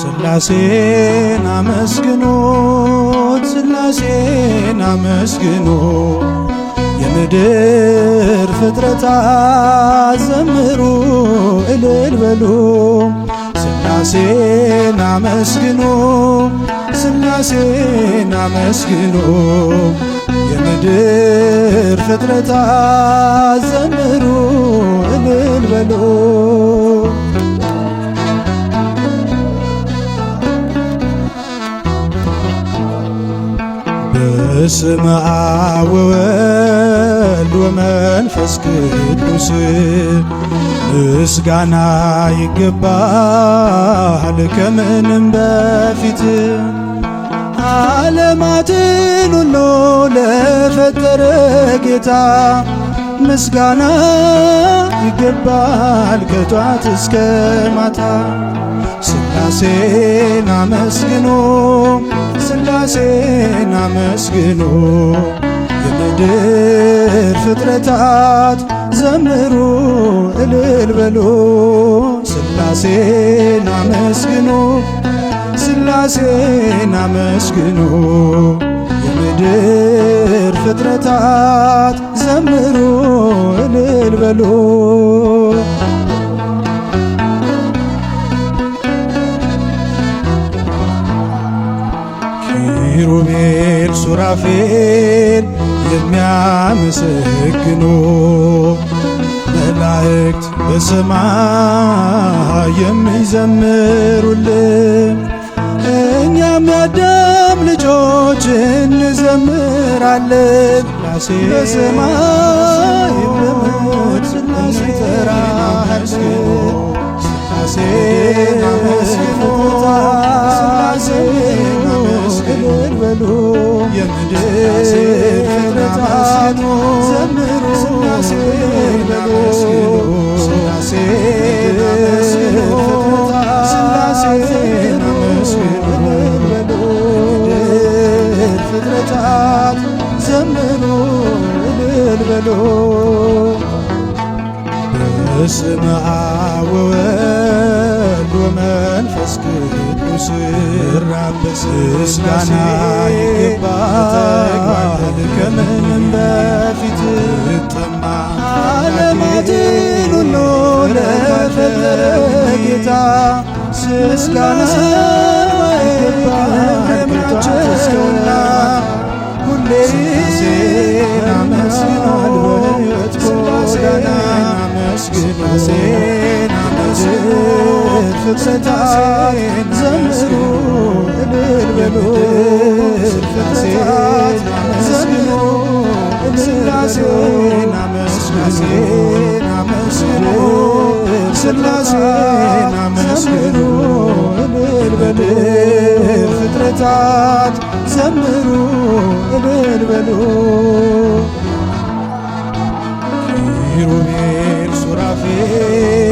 ስላሴን አመስግኑት፣ ስላሴን አመስግኖ የምድር ፍጥረታት ዘምሩ፣ እልል በሉ። ስላሴን አመስግኖ ስላሴን አመስግኖ የምድር ፍጥረታት ዘምሩ፣ እልል በሉ። በስመ አብ ወወልድ ወመንፈስ ቅዱስ ምስጋና ይገባል ከምንም በፊት ዓለማትን ሁሉ ለፈጠረ ጌታ ምስጋና ይገባል ከጧት እስከ ማታ ስላሴን አመስግኑ ስላሴን አመስግኖ የምድር ፍጥረታት ዘምሩ እልል በሉ ስላሴን አመስግኑ ስላሴን አመስግኑ የምድር ፍጥረታት ዘምሩ እልል በሉ ኪሩቤል ሱራፌል የሚያመሰግኑ መላእክት በሰማይ የሚዘምሩልን እኛም ያዳም ልጆች እንዘምራለን ላሴ በሰማይ በምድር እንጠራሃለን ሥላሴ ናመስግኑታ ሥላሴ በሉ የምድር ፍጥረታት ዘምሩ በሉ ፍጥረታት ዘምሩ እልል በሉ በስመ አብ ወወልድ ወመንፈስ ቅዱስ ስራበት ምስጋና ይገባል ከምንም በፊት ጥማ ዓለማትን ሁሉ ለፈጠረ ጌታ ምስጋና ስብሰታዬን ዘምሩ እልል በሉ ስብሰታዬን ዘምሩ ስላሴን አመስግኑ አመስግኑ ስላሴን አመስግኑ እልል በሉ ፍጥረታት ዘምሩ እልል በሉ ኪሩቤል ሱራፌል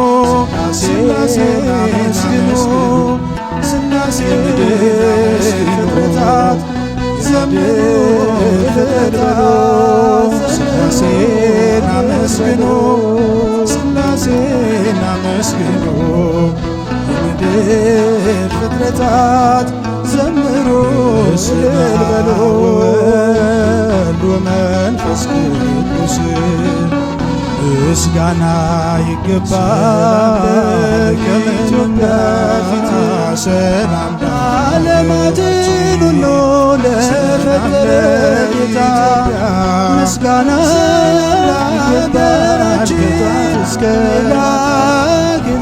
ፍጥረታት ዘምፍጥረታ ስላሴን አመስግኑ መንፈስ ቅዱስ ምስጋና ይገባል ከኢትዮጵያ ሰላምታ ዓለማትን ሁሉ ለፈጠረ ጌታ ምስጋና ይገባል እስከ ዳግም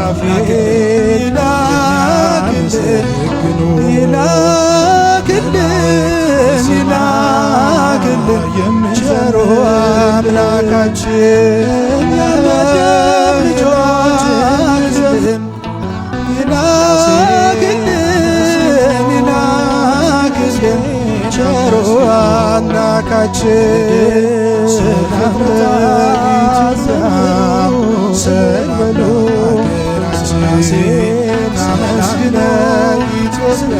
ቸሮ አምላካችን ልጆችን ይላክልን ይላክልን ቸሮ አምላካችን ሰላም ስም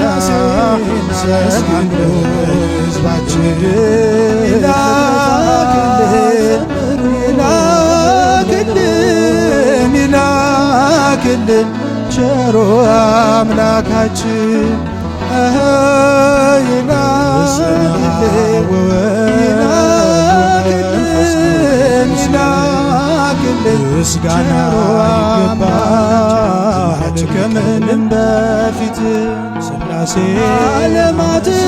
አመስግነው ይላክልን ቸሮ አምላካችን ይላክልን ይላክልን ምስጋና ይገባል ከምንም በፊት ስላሴ ዓለማትን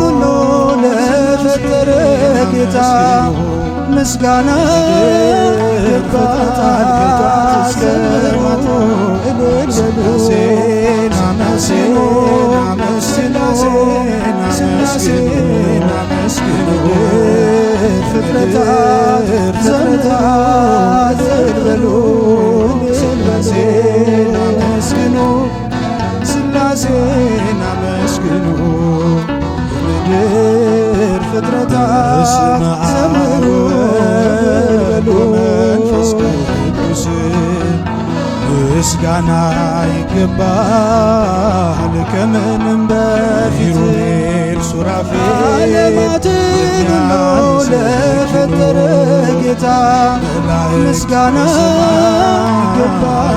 ሁሉ ለፈጠረ ጌታ ምስጋና ፍጥረታት ዘመታት በሉ እስመ አብ ወወልድ ወመንፈስ ቅዱስ ምስጋና ይገባል ከምንም በፊት ኪሩቤል ሱራፌል ለፈጠረ ጌታ ምስጋና ይገባል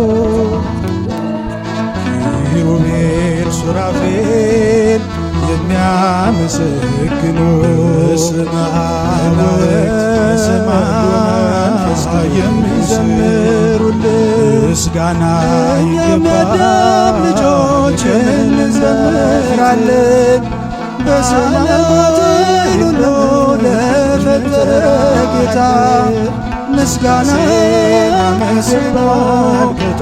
ሱራፌል የሚያመሰግኑ ምስጋና የመዳም ልጆች እንዘምራለን በሰላም ሁሉ ለፈጠረ ጌታ ምስጋና መስሎ ጌታ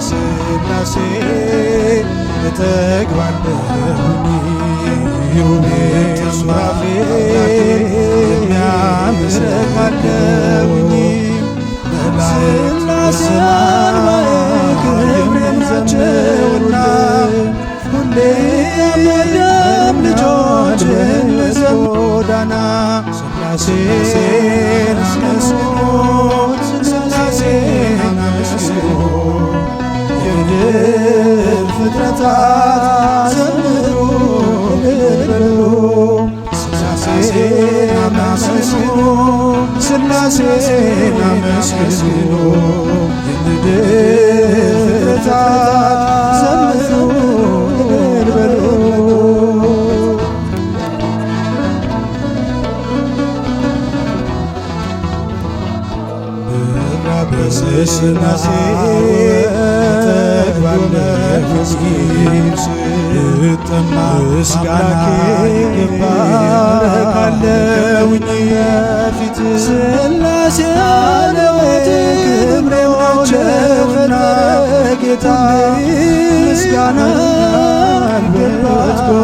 በስላሴ እተግባለሁ ሱራፌ ፍጥረታት ዘምሩ ልበሉ ስላሴን አመስግኑ ስላሴን ላመስግን ስጠማ ፊት ስላሴ አለወት ክብሬ ጌታ ምስጋና